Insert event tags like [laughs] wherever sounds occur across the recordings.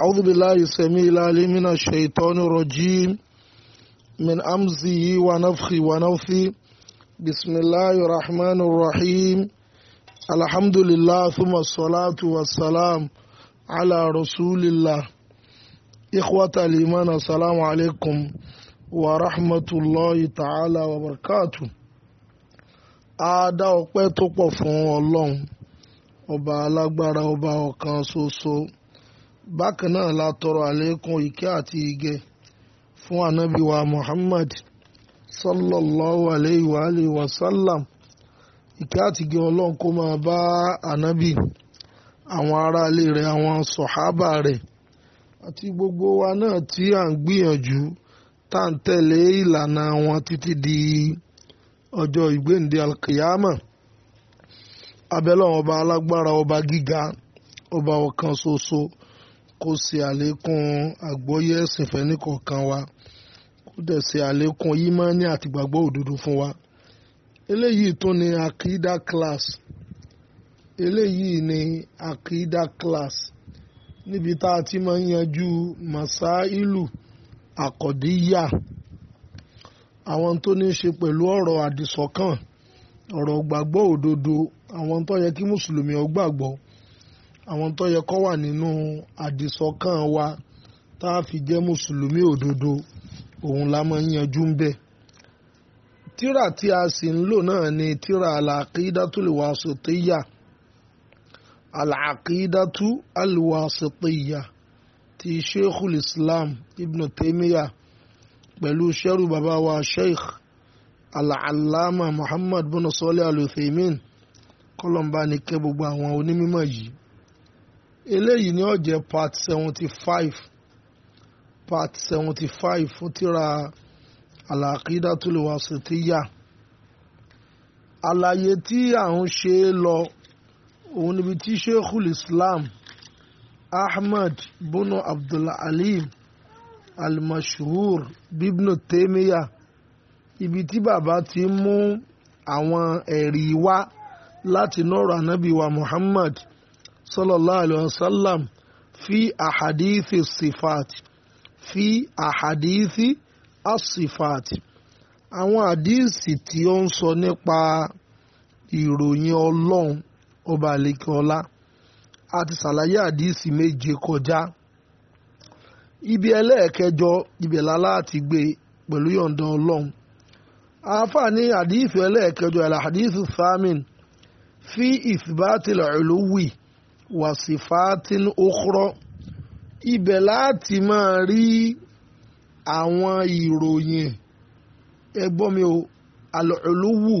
أعوذ بالله السميع العليم من الشيطان الرجيم من أمزه ونفخي ونوثي بسم الله الرحمن الرحيم الحمد لله ثم الصلاة والسلام على رسول الله إخوة الإيمان السلام عليكم ورحمة الله تعالى وبركاته a dá ọpẹ́ tó pọ̀ fún bákan náà la tọrọ àlékún ike àti ige fún ànábì wa muhammad sallallahu alayhi wa alayhi wa sallam Ike àti ìgẹ̀ ọlọ́run kó máa bá ànábì àwọn aráalé rẹ àwọn sọ̀hábà àti gbogbo wa náà tí à ń gbìyànjú tá à ń tẹ̀lé ìlànà wọn títí di ọjọ́ ìgbéǹde alkiyama abẹ́lẹ́ ọba alágbára ọba gíga ọba ọ̀kan ṣoṣo. So -so kó ṣe àlékún àgbọ́yé ẹ̀sìn fẹ́nìkọ̀ọ̀kan wa kó dẹ̀ ṣe àlékún yímánì àti gbàgbọ́ òdodo fún wa eléyìí tó ní akida class eléyìí ní akida class níbi tá a ti máa ń yanjú masailu àkọ́díyà àwọn tó ní í ṣe pẹ̀lú ọ̀rọ̀ àdìsọ́kàn ọ̀rọ̀ gbàgbọ́ òdodo àwọn tó yẹ kí mùsùlùmí ó àwọn tó yẹ kó wà nínú àdìsọ́kàn wa tá a fi jẹ́ mùsùlùmí òdodo òun la máa ń yanjú ń bẹ̀. tíra tí a sì ń lò náà ni tíra al-Aqidatul Wasitiyya al ti sheikhul islam ibn taymiya pẹ̀lú sheru baba wa sheikh al-allama muhammad bin sọ́lé al-Uthaymin kọ́lọ́mbà ni kẹ́ gbogbo àwọn onímọ̀ yìí eléyìí ni ó jẹ́ part seventy five part seventy five fún tírà Al-Aqidatul Wasitiyyah àlàyé tí à ń ṣe lọ òun níbi tí Sheikhul Islam Ahmed Bono Abdul-Halim al-Mashhur bibnu Taymiyyah ibi tí bàbá ti mú àwọn ẹ̀rí wá láti nọ̀rọ̀ ànábì wa Muhammad صلى الله عليه وسلم في أحاديث الصفات في أحاديث الصفات àwọn àdíìsì tí ó ń sọ nípa ìròyìn ọlọ́run ọba àlekèọlá a ti ṣàlàyé àdíìsì méje kọjá ibi ẹlẹ́ẹ̀kẹjọ ibẹ̀ láláàtì gbé pẹ̀lú yọ̀ǹda ọlọ́run àáfàá ní àdíìsì ẹlẹ́ẹ̀kẹjọ àlàhàdíìsì samin fi ìsìbátìlẹ̀ ìlú wàsífàtìn okhrọ ibẹ̀ láti máa rí àwọn ìròyìn ẹgbọ́n mi ò àlọ́ọ̀lówù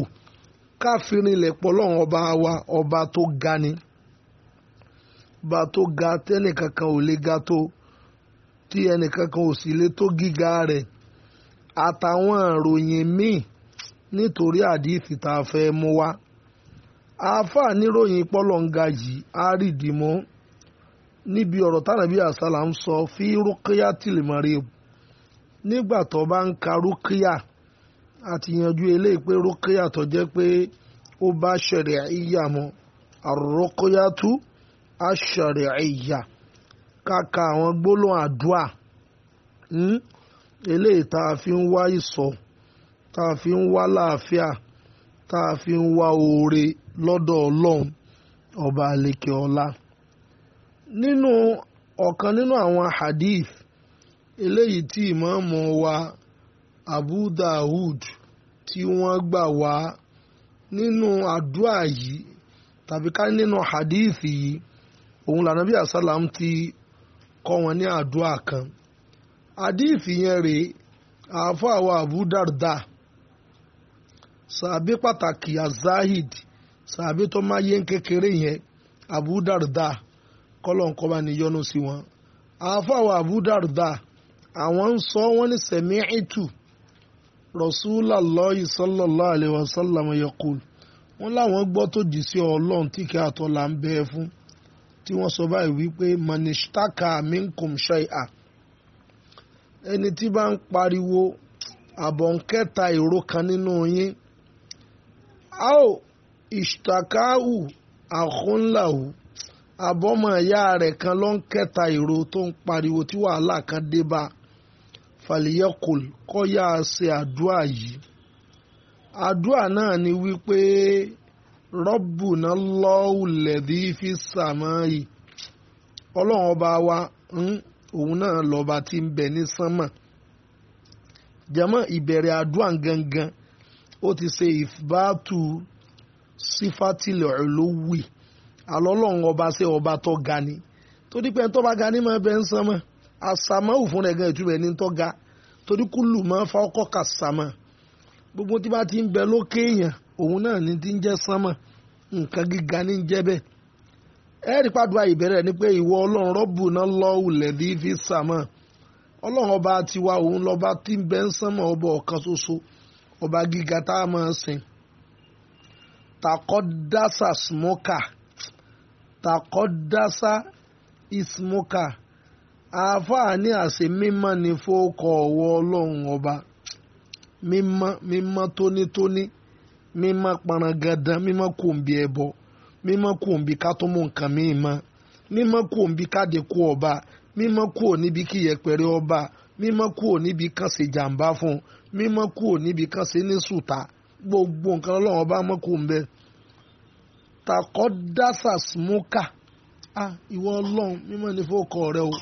káfírinlẹ̀ pọ́lọ́run ọba wa ọba tó ga ni ọba tó ga tẹ́nìkankan ò lè ga tó tí ẹnìkankan ò sì lè tó gíga rẹ̀ àtàwọn ìròyìn míì nítorí àdìsí tá a fẹ́ mú wá àáfàá níròyìn pọ́lọ́ǹga yìí á rí ìdìmọ́ níbi ọ̀rọ̀ tánàbí àsálà ń sọ fí rúkìá tìlìmọ́rẹ́ nígbà tó bá ń ka rúkìá àti yanjú eléyìí pé rúkìá tó jẹ́ pé ó bá ṣẹ̀rẹ̀ ìyá mọ́ àrùrọ́kìá tú àṣẹ̀rẹ̀ ìyá kàkà àwọn gbólóhùn àdúà hmm? eléyìí tá a fi ń wá ìsọ̀ tá a fi ń wá láàfíà tá a fi ń wá oore lọ́dọ̀ ọlọ́run ọba àlekè ọlá nínú ọ̀kan nínú àwọn hadith eléyìí tí ìmáàmù wa Abu Dawud tí wọ́n gbà wá nínú àdúrà yìí tàbí ká nínú hadith yìí òun lànàbí àsálàm ti kọ́ wọn ní àdúrà kan hadith yẹn rèé àáfàá wa Abu Darda sàbí pàtàkì azahid sàbí tó máa yé kékeré yẹn àbúdàrúdà kọlọ̀ǹkọ́ bá ní yọnu sí wọn. àfàwọ̀ àbúdàrúdà àwọn ń sọ wọ́n ní sẹ̀mí ìtù Rasulullahi sallallahu alaihi wasallam yaqul wọ́n láwọn gbọ́ tó jì sí ọlọ́run tí kí àtọ́ là ń bẹ́ẹ̀ fún tí wọ́n sọ báyìí wípé manishtaka minkum shay'a ẹni tí bá ń pariwo àbọ̀nkẹ́ta èrò kan nínú yín. ìṣtàkáhù àkúnláhù àbọ́mọ ìyá rẹ̀ kan ló ń kẹta ìró tó ń pariwo tí wàhálà kan dé bá fàlìyẹ́kùl kọ́ yá a ṣe àdúrà yìí àdúrà náà ni wípé rọ́bùnà lọ́wù lẹ́dí fi sàmáyì ọlọ́run ọba wa òun náà lọ́ba ti ń bẹ ní sánmà jẹ́mọ́ ìbẹ̀rẹ̀ àdúrà gangan ó ti ṣe ìfibátù sífàtìlẹ̀ olówì alọ́lọ́run ọba ṣé ọba tó ga ni torí pé tó bá ga ní máa bẹ ń san mọ́ àsàmáwù fúnra ẹ̀ gan ìtumọ̀ ẹni tó ga torí kúlù máa fa ọkọ̀ kà gbogbo tí bá ti ń bẹ lókè èèyàn òun náà ni ti ń jẹ́ sánmọ̀ nǹkan gíga ní jẹ́ bẹ́ẹ̀ ẹ̀rí pàdùn àìbẹ̀rẹ̀ ni pé ìwọ ọlọ́run rọ́bù náà fi sàmọ̀ ọlọ́run ọba tiwa òun lọ́ba ń bẹ ń ọba ọ̀kan ṣoṣo ọba gíga takọdasa smoka takọdasa ismoka àáfàá ní àṣẹ mímọ́ ni fóókọ ọwọ́ ọba mímọ́ mímọ́ tónítóní mímọ́ parangandan mímọ́ kòǹbì ẹbọ mímọ́ kòǹbì kátómù nǹkan mímọ́ mímọ́ kòǹbì ọba mímọ́ kúò níbi kí yẹpẹrẹ ọba mímọ́ kúò níbi kan ṣe jàǹbá fún mímọ́ kúò níbi kan ṣe ní sùtà gbogbo nǹkan ọlọ́run ọba mọ́kò ń bẹ takọ́ dásà smoka ìwọ ọlọ́run mímọ́ ní fọ́kọ rẹ o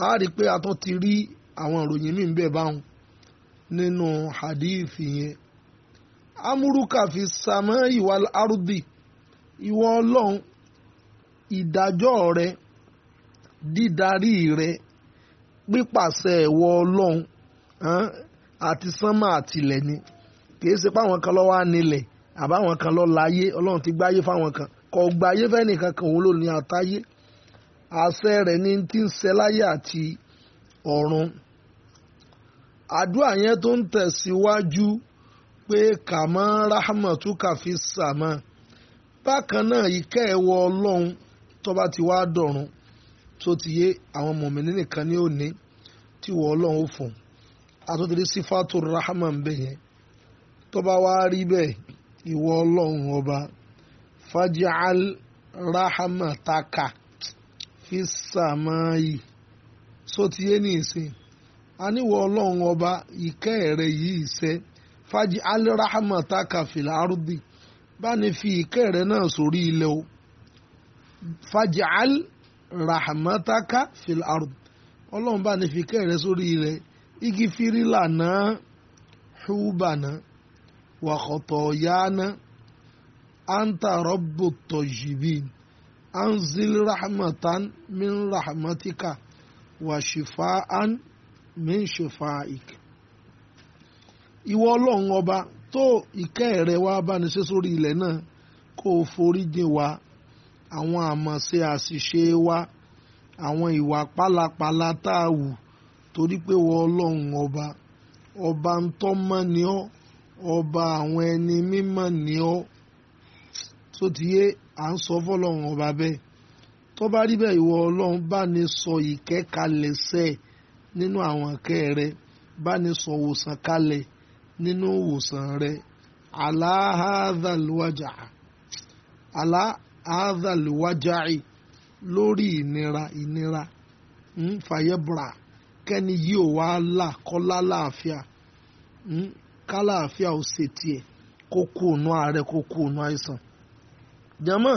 a rí i pé a tún ti rí àwọn ìròyìn míì bẹ báwọn nínú hadithi yẹn amúrúkà fi sàmọ́ ìwà arúbì ìwọ ọlọ́run ìdájọ́ rẹ dídarí rẹ pípàṣẹ ìwọ ọlọ́run àti sánmà àtìlẹ́ni kìí ṣe pé àwọn kan lọ́wọ́ anilẹ̀ àbáwọn kan lọ́ láyé ọlọ́run ti gbáyé fáwọn kan kò gbáyé fẹ́nìkan kan òun ló ní àtayé àṣẹ rẹ̀ ni ti ń ṣe láyé àti ọ̀run àdúrà yẹn tó ń tẹ̀síwájú pé kàmọ́ rahmatu kàfi sàmọ́ bákan náà ìkẹ́ ẹ̀wọ̀ ọlọ́run tó ti wá dọ̀run tó ti yé àwọn mọ̀mìnì nìkan ní òní tí wọ́n ọlọ́run ó fún àtúntò sí rahman bẹ́ẹ̀ yẹn tó bá wá rí bẹ́ẹ̀ ìwọ ọlọ́run ọba fajal rahamataka fi sàmáyì sotiye ní ìsìn aníwọ ọlọ́run ọba ìkẹ́ rẹ̀ yìí ṣe fajal rahamataka fil ardi bá ní fi ìkẹ́ rẹ̀ náà sórí ilẹ̀ o fajal rahamataka fil ardi ọlọ́run bá ní fi ìkẹ́ rẹ̀ sórí ilẹ̀ igi firila náà húbà náà. وخطايانا أنت رب الطيبين أنزل رحمة من رحمتك وشفاء من شفائك ìwọ ọlọ́run ọba tó ìkẹ́ rẹ wá bá ní ṣe sórí ilẹ̀ náà kó o foríjìn wa àwọn àmọ̀ṣe àṣìṣe wa àwọn ìwà pálapàla tá a wù torí pé wọ ọlọ́run ọba ọba ń tọ́ mọ́ ni ọ́ ọba àwọn ẹni mímọ́ ni ọ́ tó ti yé à ń sọ fọlọ́run ọba bẹ́ẹ̀ tó bá rí bẹ́ẹ̀ ìwọ ọlọ́run bá ní sọ ìkẹ́ kalẹ̀ sẹ́ nínú àwọn ìkẹ́ rẹ bá ní sọ òwòsàn kalẹ̀ nínú òwòsàn rẹ aláhàdàlúwájà lórí ìnira ìnira ń hm, fàyẹ́bùrà kẹ́ni yìí ò wá là kọ́lá láàfíà hm, kálàáfíà ó ṣe tiẹ̀ kó kú ònú ààrẹ kó kú ònú àìsàn jàmọ́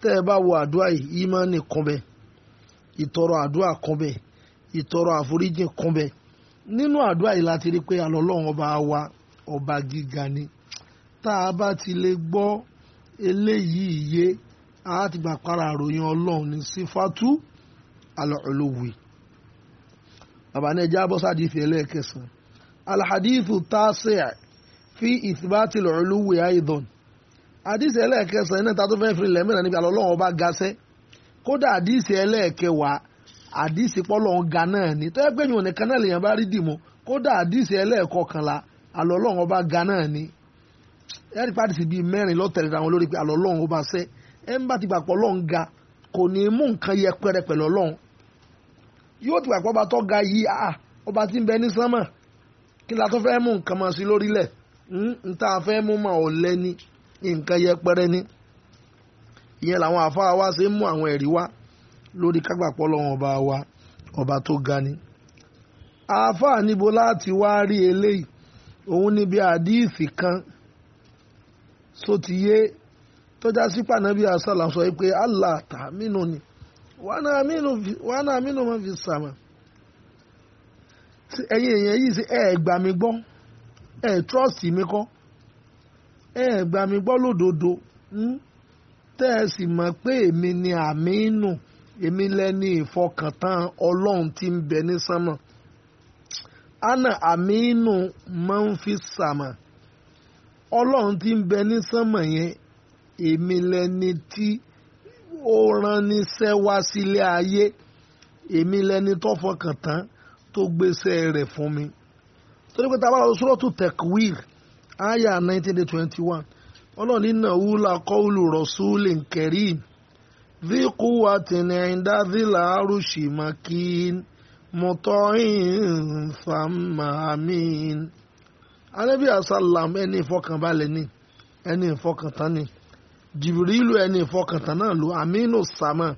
tẹ́ ẹ bá wo àdúrà yìí ìmánì kan bẹ́ẹ̀ ìtọrọ àdúrà kan bẹ́ẹ̀ ìtọrọ àforíjì kan bẹ́ẹ̀ nínú àdúrà yìí láti rí pé àlọ́lọ́run ọba wa ọba gíga ni tá a bá ti lè gbọ́ eléyìí yé a ti gbà para àròyìn ọlọ́run ní sífàtú alọ́ọ̀lọ́wì bàbá náà jábọ́ sáà di ìfẹ́ ẹlẹ́ẹ̀kẹsàn-án alhadithu tasi'a fi ìtìbátì lọ́rùlúwì àìdùn àdìsí ẹlẹ́ẹ̀kẹsàn-án iná ta tó fẹ́ fi lẹ́mìnà níbi àlọ́lọ́wọ́ bá gaṣẹ́ kódà àdìsí ẹlẹ́ẹ̀kẹwàá àdìsí pọ́lọ́hún ga náà ni tó yẹ pé yòó nìkan náà lèèyàn bá rí dìmú kódà àdìsí ẹlẹ́ẹ̀kọkànlá àlọ́lọ́wọ́ bá ga náà ni ẹ̀rí pàdìsí bíi mẹ́rin lọ́tẹ̀rẹ̀ àwọn lórí pé àlọ́lọ́wọ́ bá ṣẹ́ ẹ̀ ń bá ti gbà kí la tó fẹ́ mú nǹkan mọ́ sí lórílẹ̀ ń tá a fẹ́ mú mọ́ lẹ́ni nǹkan ni ìyẹn làwọn àfáà wa ṣe ń mú àwọn ẹ̀rí wá lórí ọba wa ọba tó ga ni. àfáà níbo láti wá rí eléyìí òun ni bí àdíìsì kan sotiye tọ́já sí sọ pé ni fi sàmà. ẹ̀yin èèyàn yìí ṣe ẹ̀ gbà mí gbọ́ ẹ̀ trọ́ọ̀sì mi kọ́ ẹ̀ gbà mí gbọ́ lódodo hmm? tẹ́ ẹ sì mọ̀ pé èmi ni àmínú èmi lẹ́ni ìfọkàntán bẹ ní sánmọ̀ ana máa ń fi sàmà ọlọ́run ti ń bẹ ní sánmọ̀ yẹn èmi lẹ́ni tí ó rán níṣẹ́ tó gbéṣẹ́ rẹ̀ fún mi torí pé tábà lọ sọ́rọ́tù tekwir aya nineteen to twenty one ọlọ́run nínà wúlà kọ́ọ̀lù rọ̀ṣúlì kẹrìm dhi quwwatin inda dhil arushi makin muta'in thamma amin. alẹ́bí asálàm ẹni ìfọkànbalẹ̀ ni ẹni ìfọkàntán ni jìbìrìlù ẹni ìfọkàntán náà ló aminu sàmà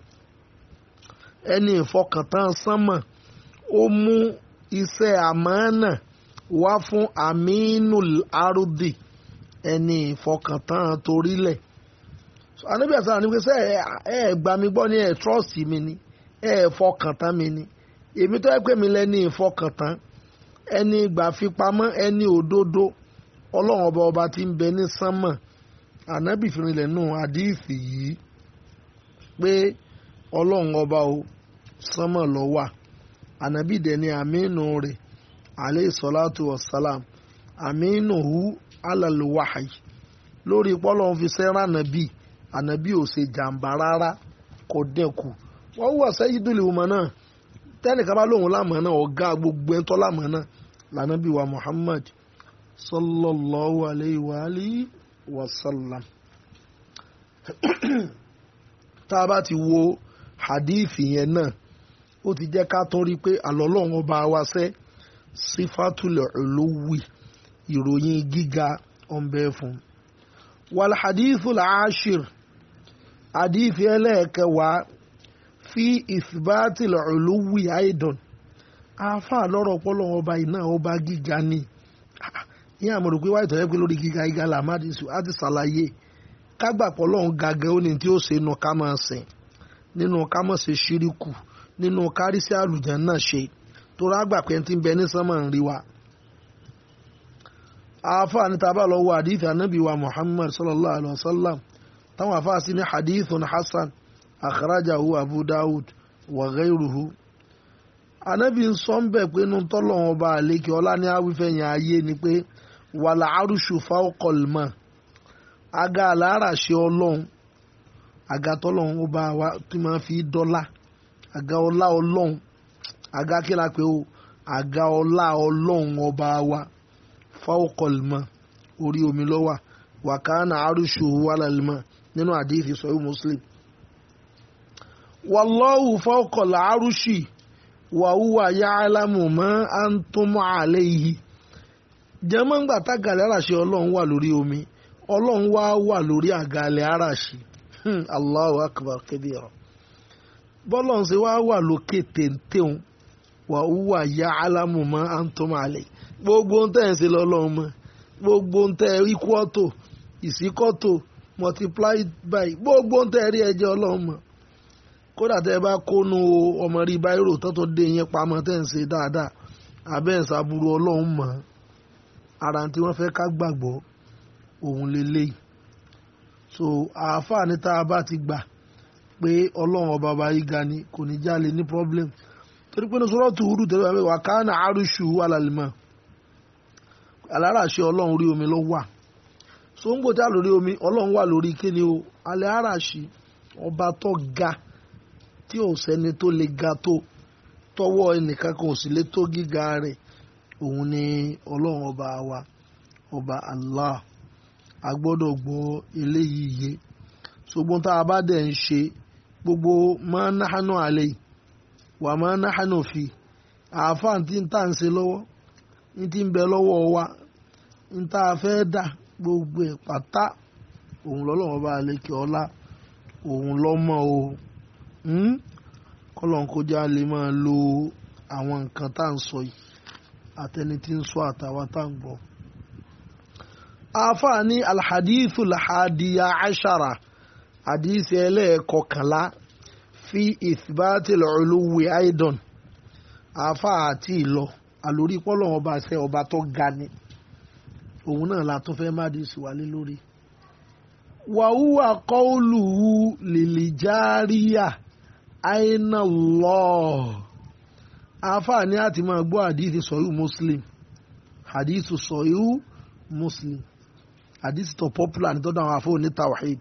ẹni ìfọkàntán sánmà ó mú iṣẹ́ àmánà wá fún aminul arudi ẹni ìfọkàntán torílẹ̀ anabi asara ni pé sẹ ẹ mi ni ẹ mi ni ẹ mi ni èmi tó mi ìfọkàntán ẹni ìgbà ẹni òdodo ọlọ́run ọba ọba t'i ń bẹ ní yìí pé ọba Anabi dẹ̀ Aminu, àmínú rẹ̀ salatu wa salam àmínú hu alaluwahayi lórí pọ́lọ́ fi sẹ́ràn anabi, anabi ò ṣe jàǹbá rárá kò dẹ́kù wọ́n wà sẹ́yìn dùlẹ̀ ọmọ náà tẹ́nìkan bá lóun lámọ̀ ọ̀gá gbogbo ẹ̀ńtọ́ lámọ̀ lànàbí wa Muhammad sallallahu alayhi wa alihi wa sallam tá a bá ti wo hadithi yẹn náà ó ti jẹ́ ká tún rí i pé àlọ́lọ́run ọba wa sẹ́ sífàtúlẹ̀ olówì ìròyìn gíga ọ̀nbẹ fún. wal hadithul ashir hadithi ẹlẹ́ẹ̀kẹwàá fi ìsìbátìl olówì aidan afa lọ́rọ̀ ọpọlọ ọba iná ọba gíga ni ah, ní àmọ́ rò pé wáyé tọ́jú pé lórí gíga gíga làmádìsù á ti ṣàlàyé kágbàpọ̀ lọ́hún gàgẹ́ ó ní tí ó ṣe nù ká máa sìn nínú ká máa ṣe ṣíríkù nínú kárísì àlùjàn náà ṣe tó rágbà pé ti ń bẹ ní sánmọ̀ ń rí wa. àáfàá ní tábà lọ wo hadith anábì wa muhammad sallallahu alayhi wa sallam táwọn àáfàá sí ní hadithun hasan akhrajahu abu dawud wa ghayruhu. anábì ń sọ ń bẹ̀ pé inú tọ́lọ́wọ́n ọba àlékè ọlá ní awífẹ́ yẹn ayé ni pé wàlà arúṣù fáwọkọ̀lmọ̀ àga àlàáràṣe ọlọ́run àga tọ́lọ́run ọba wa tí máa fi dọ́là. àga ọlá ọlọ́run àga kí la pè ó àga ọlá ọlọ́run ọba wa fáwọkọlùmọ́ orí omi lọ́wà wàkánà arúṣù wàlálùmọ́ nínú àdéhìí sọ́yìn muslim wàlọ́wù fáwọkọlù arúṣì wàhùwà ya'lamu ma antum alayhi jẹ́mọ́ngbà tágàlẹ́ àràṣì ọlọ́run wà lórí omi ọlọ́run wá wà lórí àgàlẹ́ àràṣì hmm, Allahu akbar kabira bọ́lọ́n ṣe wá wà lókè téńtéun wà wúwà ya alámù mọ́ àǹtọ́mọ́ àlẹ́ gbogbo ń tẹ̀ ń ṣe lọ́lọ́run mọ́ gbogbo ń tẹ̀ ikú ọ̀tò ìsíkọ́tò multiplied by gbogbo ń tẹ̀ rí ẹ̀jẹ̀ ọlọ́run mọ́ kódà tẹ́ ẹ bá kónú ọmọ rí báírò tó tó dé yẹn pamọ́ tẹ́ ń ṣe dáadáa abẹ́ ń ṣàbúrò ọlọ́run mọ́ ara tí wọ́n fẹ́ ká gbàgbọ́ òun lélẹ́yìí so àáfàá ní tá a bá ti gbà pé ọlọ́run ọba ọba yìí ga ni kò ní já ní problem torí pé sọ́rọ́tù húdù tẹ́lẹ̀ wà pé wà ká náà àrùṣù wà lálẹ́mọ̀ aláràṣẹ ọlọ́run orí omi ló wà so ń gbòtá lórí omi ọlọ́run wà lórí kíni o aláràṣì ọba tó ga tí ò sẹ́ni tó le ga tó tọwọ́ ẹnìkan kan ò sì lè tó gíga rẹ̀ òun ni ọlọ́run ọba wa ọba Allah a gbọ́dọ̀ gbọ́ eléyìí yé ṣùgbọ́n tá a bá dẹ̀ ń ṣe gbogbo máa ń náhánú àlẹ́ wà máa ń náhánú fi àáfàá tí ń tà ń ṣe lọ́wọ́ ti ń bẹ lọ́wọ́ wa gbogbo ẹ̀ òun lọ́lọ́wọ́ bá a lékè ọlá òun lọ́mọ o hmm? kọ́lọ́n lè máa lo àwọn nǹkan tá à ń sọ yìí àtẹni tí ń ashara. àdìsí ẹlẹ́ẹ̀kọkànlá fi ìsìbáàtì lọ́rọ̀lówó aidan àáfà àti ìlọ àlórí pọ́lọ́ ọba ṣe ọba tó ga ni òun náà la tún fẹ́ má dìsí wálé lórí. wàhùwà kọ́ọ̀lùwù lìlì járíyà àìnà lọ àáfà ni a ti máa gbọ́ àdìsí sọ̀yù muslim àdìsí sọ̀yù muslim àdìsí tó popular ní àwọn àfọ̀ ní tawhid.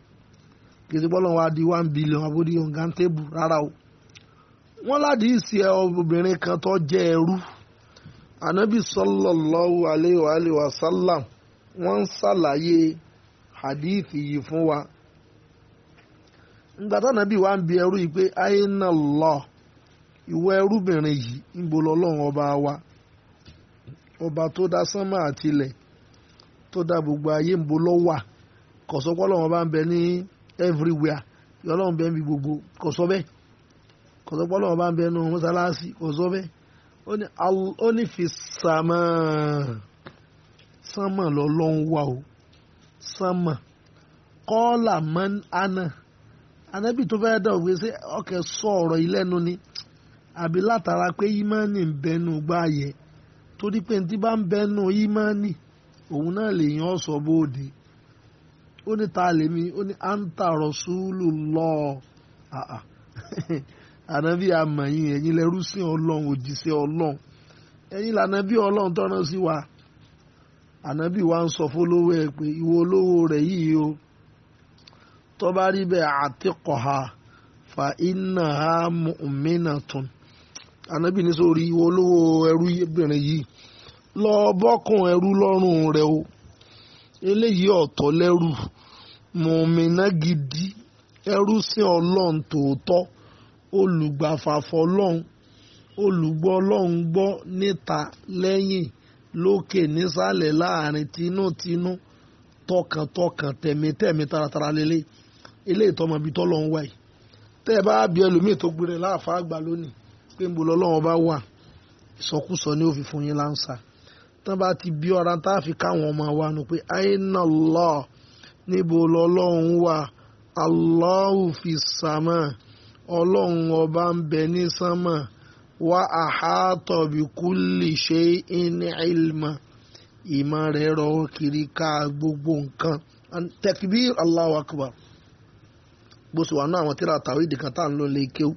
kìsìpọ̀ lọ́n wa di one billion àbórí ọ̀gá ń tébù rárá o wọ́n láti ìsì obìnrin kan tó jẹ́ ẹrú anabi sallallahu alayhi wa sallam wọ́n ń ṣàlàyé hadith yìí fún wa ngbàtà nàbí wa ń bi ẹrú yìí pé ayéna lọ ìwọ ẹrúbìnrin yìí ń bo lọ́lọ́run ọba wa ọba tó dá sánmà àtilẹ̀ tó dá gbogbo ayé ń bo lọ wà kọsọpọ lọ́wọ́ bá ń bẹ ní. everywhere ọlọ́run bẹ́ẹ̀ bí gbogbo kò sọ bẹ́ẹ̀ kò sọ pé ọlọ́run bá ń bẹ́ẹ̀ nù mọ́sálásí kò sọ bẹ́ẹ̀ ó ní fi sàmà sánmà lọ́lọ́run wà o sánmà kọ́ọ̀là man ana anábì tó fẹ́ẹ́ dà òwe sí ọkẹ́ sọ ọ̀rọ̀ ìlẹ́nu ni àbí látara pé ìmánì ń bẹnu gbáàyẹ torí pé ní bá ń bẹnu ìmánì òun náà lèèyàn ọ̀sọ̀ bóde. o ní ta lèmi ó ní anta rasulullah ah, ah. [laughs] ànábì àmọ̀yìn ẹ̀yin lẹ́rú sí ọlọ́run òjíṣẹ́ ọlọ́run ẹ̀yin lànábì ọlọ́run tọ́nà sí wa ànábì wa ń sọ fólówó ẹ̀ pé ìwọ olówó rẹ̀ yìí o tó bá rí bẹ́ẹ̀ ha fa iná ha mọ̀mínà tún ànábì ní sórí ìwọ olówó ẹrú obìnrin yìí lọ bọ́kùn ẹrú lọ́rùn rẹ̀ o. eléyìí ọ̀tọ̀ lẹ́rù mọ̀mìnà gidi ẹrú sí ọlọ́run tòótọ́ olùgbàfàfọ́ ọlọ́run olùgbọ́ ọlọ́run gbọ́ níta lẹ́yìn lókè nísàlẹ̀ láàrin tinútinú tọkàntọkàn tẹ̀mítẹ̀mí taratara lélẹ̀ eléyìí tọmọ ibi tọ́lọ́ ń wáyé tẹ́ ẹ bá bí ẹlòmíì tó gbére láàfáà gbà lónìí pé ń bo lọ́lọ́run bá wà ìsọkúsọ ni ó fi fún yín láǹṣà tán bá ti bí ọ̀rá tá a fi káwọn ọmọ wa nù pé àìnà lọ níbo lọlọ́run wà Allahu fi sàmà ọlọ́run ọba ń bẹ ní sánmà wá àhátọ̀ bí kulli shay'in ilma ìmọ̀ rẹ̀ rọ kiri ká gbogbo nǹkan takbir Allahu akbar bó wà náà àwọn tíra tàwídì kan tá à ń lọ lè kéw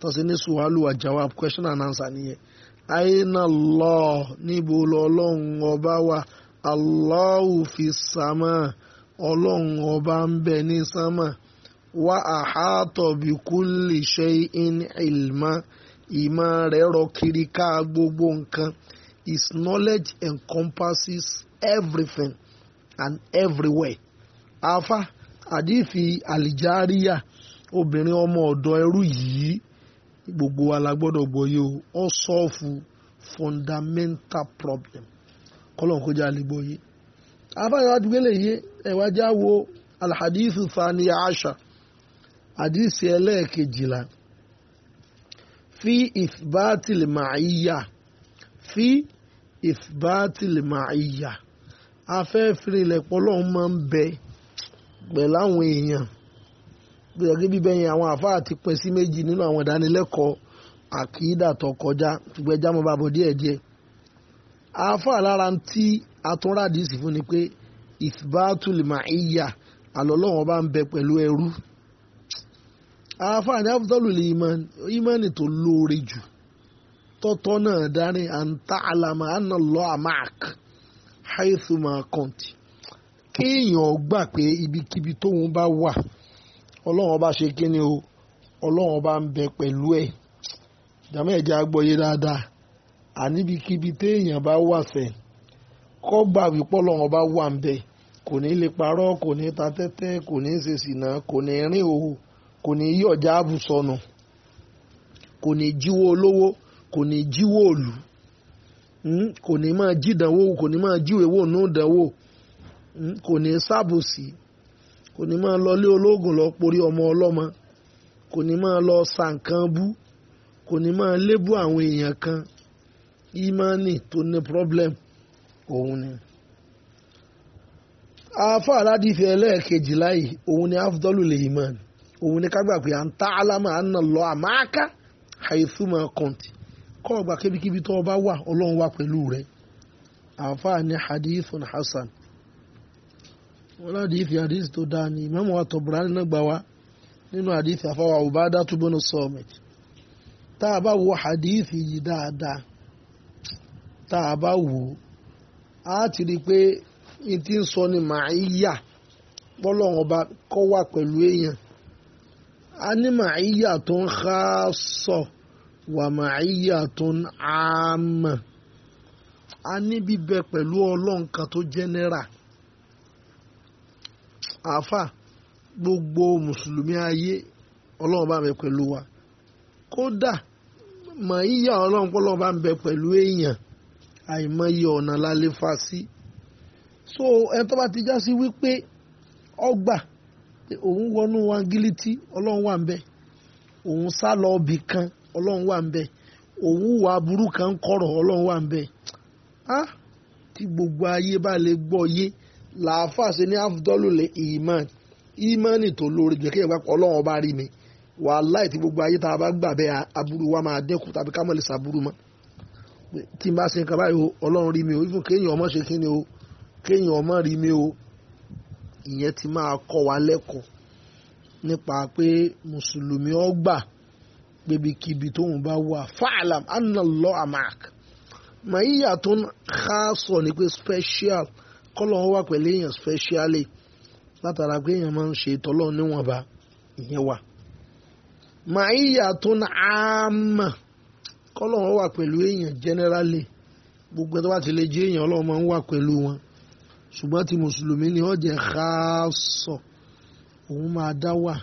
tó ní sùwálù àjàwá question and answer nìyẹn àyínà lọ níbo lọ́lọ́run ọba wa Allahu fi sàmà ọlọ́run ọba ń bẹ wa sàmà wà àhátọ̀ bí kulli shay'in ilma ima rẹ̀ rọ kiri ká gbogbo nǹkan his knowledge encompasses everything and everywhere. afa àdìfí àlìjáríyà obinrin ọmọ ọdọ eru yìí gbogbo wa la gbọ́dọ̀ gbọ́yé o ọ sọ́ọ̀fù fundamental problem kọ́lọ́n kó jẹ́ àlègbọ́yé abáyọ̀ adúgbélé yé ẹ̀wájá wo alhadithu thani asha hadisi ẹlẹ́ẹ̀kejìlá fi ithbatil ma'iyya fi ithbatil ma'iyya afẹ́fìrìlẹ̀pọ̀ lọ́hún máa ń bẹ pẹ̀láwọn èèyàn gẹ́gẹ́ bíbẹ́ yẹn àwọn àfáà ti pín sí méjì nínú àwọn ìdánilẹ́kọ̀ọ́ àkìídà tó kọjá ṣùgbọ́n ẹja mọ́ bá bọ̀ díẹ̀ díẹ̀. àfáà lára tí atúnrádìí sì fún ni pé ìfìbátùlì màáyà àlọ́lọ́wọ́n bá ń bẹ pẹ̀lú ẹrú. àfáà ní afdọ́lù lè ìmánì tó lóore jù tọ́tọ́ náà dání àǹtá àlàmà àná lọ́ àmàk háìsùmá kọ́ǹtì kéèyàn gbà pé ibikíbi tóun bá wà. ọlọ́run ọba ṣe kíni o ọlọ́run ọba ń bẹ pẹ̀lú ẹ̀ jàmọ́ ẹ̀jẹ̀ agbọ́yé dáadáa àníbikíbi téèyàn bá wà sẹ̀ kọ́ gbà wípé ọlọ́run ọba wà ń bẹ kò ní lè parọ́ kò ní ta tẹ́tẹ́ kò ní ṣe sìnà kò ní rìn òhù kò ní yí ọ̀já àbùsọ̀nù kò ní jíwó olówó kò ní jíwó òlù hmm, kò ní máa jídànwó kò ní máa jíwèwò nù dànwó hmm, kò ní sábòsì kò ní máa lọ lé ológun lọ porí ọmọ ọlọ́mọ kò ní máa lọ sa nǹkan bú kò ní máa lébú àwọn èèyàn kan ìmánì tó ní problem òun ni. afa aládìí fi ẹlẹ́ẹ̀kejì láyìí òun ni afdolul iman òun ni kágbà ta à ń lọ àmáká àìsùnmọ̀ kọ̀ǹtì kọ́ tó wà ọlọ́run wà pẹ̀lú rẹ̀ ni hasan wọn ládìífì àdìsí tó dáa ni Imam wa Tabrani náà gbà wá nínú àdìsí àfáwà Ubadatu bunu Samit tá a bá wo àdìsí yìí dáadáa tá a bá wò ó a ti rí i pé n ti ń sọ ni màá yà bọ́lọ́run ọba kọ́ wà pẹ̀lú èèyàn a ní màá yà tó ń ká sọ wà màá yà tó ń àmà a ní bíbẹ pẹ̀lú ọlọ́run tó jẹ́nẹ́rà Afa gbogbo mùsùlùmí ayé ọlọ́run bá ń bẹ pẹ̀lú wa kódà mọ̀ yíyá ọlọ́run pọ́lọ́run bá ń bẹ pẹ̀lú èèyàn àìmọye so ẹni tó bá ti já sí wípé ọgbà òun wọnú wangilítì ọlọ́run wà ń bẹ òun sá lọ ọbì kan ọlọ́run wà ń wà kan kọ̀rọ̀ ọlọ́run wà ń bẹ gbogbo ayé bá lè làáfà ṣe ní afdọ́lùlẹ̀ ìmán ìmánì tó lórí jẹ́ kéèyàn gbàgbọ́ ọlọ́run ọba rí mi wàláì tí gbogbo ayé tá a bá gbà bẹ́ẹ̀ aburú wa máa dẹ́kù tàbí ká mọ̀ lè sàbúrú mọ́ tí n bá ṣe nǹkan báyìí o ọlọ́run rí mi o ìfún kéèyàn ọmọ ṣe kíni o kéèyàn ọmọ rí mi o ìyẹn ti máa kọ́ wa lẹ́kọ̀ọ́ nípa pé mùsùlùmí ó gbà tóun bá wà fàlàm anna Allah amak màá yíyà tó ń ká sọ ni pé special kọ́lọ̀ wà pẹ̀lú èèyàn specially látara pé èèyàn máa ń ṣe tọ́lọ́ níwọ̀nba ìyẹn wà. màáyà tó ń àmà kọ́lọ̀ wà pẹ̀lú èèyàn generally gbogbo ẹ̀ tó bá ti lè jẹ́ èèyàn ọlọ́run máa ń wà pẹ̀lú wọn ṣùgbọ́n ti mùsùlùmí ni ó jẹ́ xaasọ̀ òun máa dá wà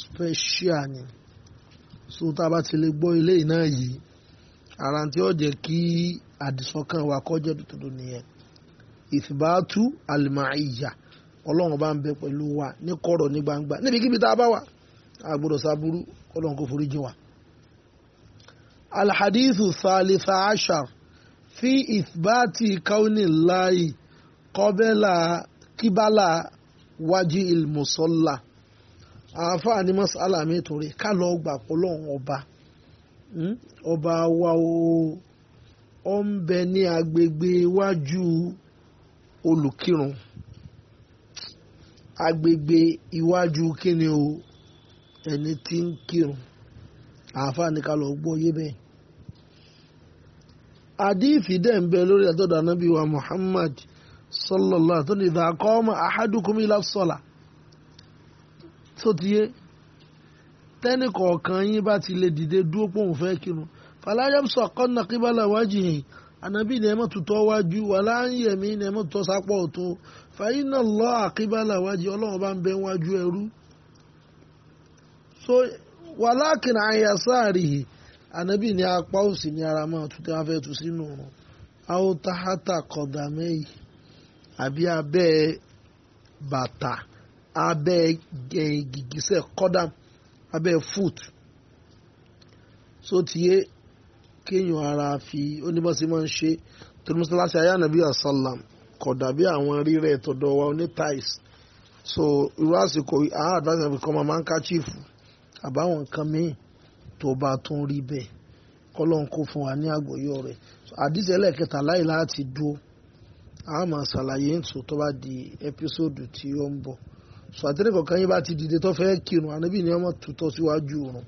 special ni so tá a bá ti lè gbọ́ ilé náà yìí ara tí kí àdìsọ́kàn wa kọjọ́ dòdò nìyẹn ìfìbátú àlùmáìyà ọlọ́run bá ń bẹ pẹ̀lú wa ní kọ̀rọ̀ ní gbangba níbikíbi tá a bá wà a gbọ́dọ̀ sábúrú ọlọ́run kò forí jìn wá. alhadithu thalitha ashar fi ìfìbátì kauni láàyè kọ́bẹ́là kíbálà wájú ilmùsọ́lá àáfàá ni mọ́sálà mi torí ká lọ́ọ́ gbà pọ́lọ́run ọba hmm? ọba wa o ó ń bẹ ní agbègbè iwájú. olùkírun agbègbè iwájú kíni o ẹni tí ń kírun àáfàá ni ká lọ gbọ́ yé bẹ́ẹ̀. àdìfì dẹ̀ ń bẹ lórí àtọ́dọ̀ anábì wa Muhammad sallallahu tó ní dị qama ahadukum tó ti yé tẹ́nì kọ̀ọ̀kan ti lè dìde dúró pòun fẹ́ kírun Anabi ni ẹ waju tutọ́ wájú wà láàyè mí ni ẹ lọ bẹ so wala láàkìnà àyà sáàrì anabi ni apá òsì ni ara máa tutẹ́ wọn tu sínú àwọn táhátà kọ̀dà àbí abẹ́ bàtà so tiye kéèyàn ara fi oníbọ̀sí máa ń ṣe torí mọ́sálásí ayé ànábì àsálàm kò dàbí àwọn rírẹ̀ tọ̀dọ̀ wa oní tiles so irú àsìkò àwọn advice náà fi kọ́ máa ń ká chief àbáwọn nǹkan míì tó bá tún rí bẹ́ẹ̀ kọ́lọ́n kó fún wa ní àgbọ́yọ̀ rẹ̀ àdìsẹ́ ẹlẹ́ẹ̀kẹta láì láti dúró a máa ṣàlàyé ntò tó bá di ẹpísòdù tí ó ń bọ̀ so àtẹ̀lẹ́kọ̀ọ́ kan yín bá ti dìde tó fẹ́ kírun ànábì ni wọ́n máa tutọ́ síwájú òrùn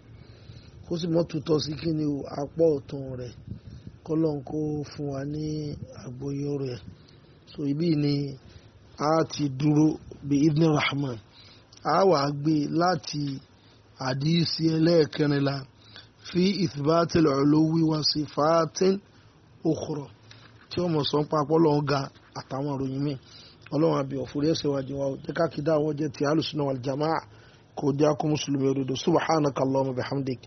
kó sì mọ́ tutọ́ sí kíni o apá ọ̀tún rẹ̀ kọ́lọ́n kó fún wa ní àgbọ́yọ̀ rẹ̀ so ibi ni a ti dúró bí ibn rahman a wà gbé láti àdísí ẹlẹ́ẹ̀kẹrìnlá fi ithbatil uluwi wa sifatin ukhra tí ó mọ̀ sọ́n papọ̀ lọ́n ga àtàwọn ìròyìn mi ọlọ́run àbí ọ̀fúrí ẹ̀sẹ̀ wájú wa jẹ́ káàkiri dáwọ́ jẹ́ ti alùsùnà wal jamaa kò dé akó mùsùlùmí òdodo subhanakallahumma bihamdik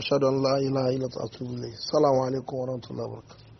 ashhadu an la ilaha illa anta astaghfiruka wa atubu ilayk wa rahmatullahi wa barakatuh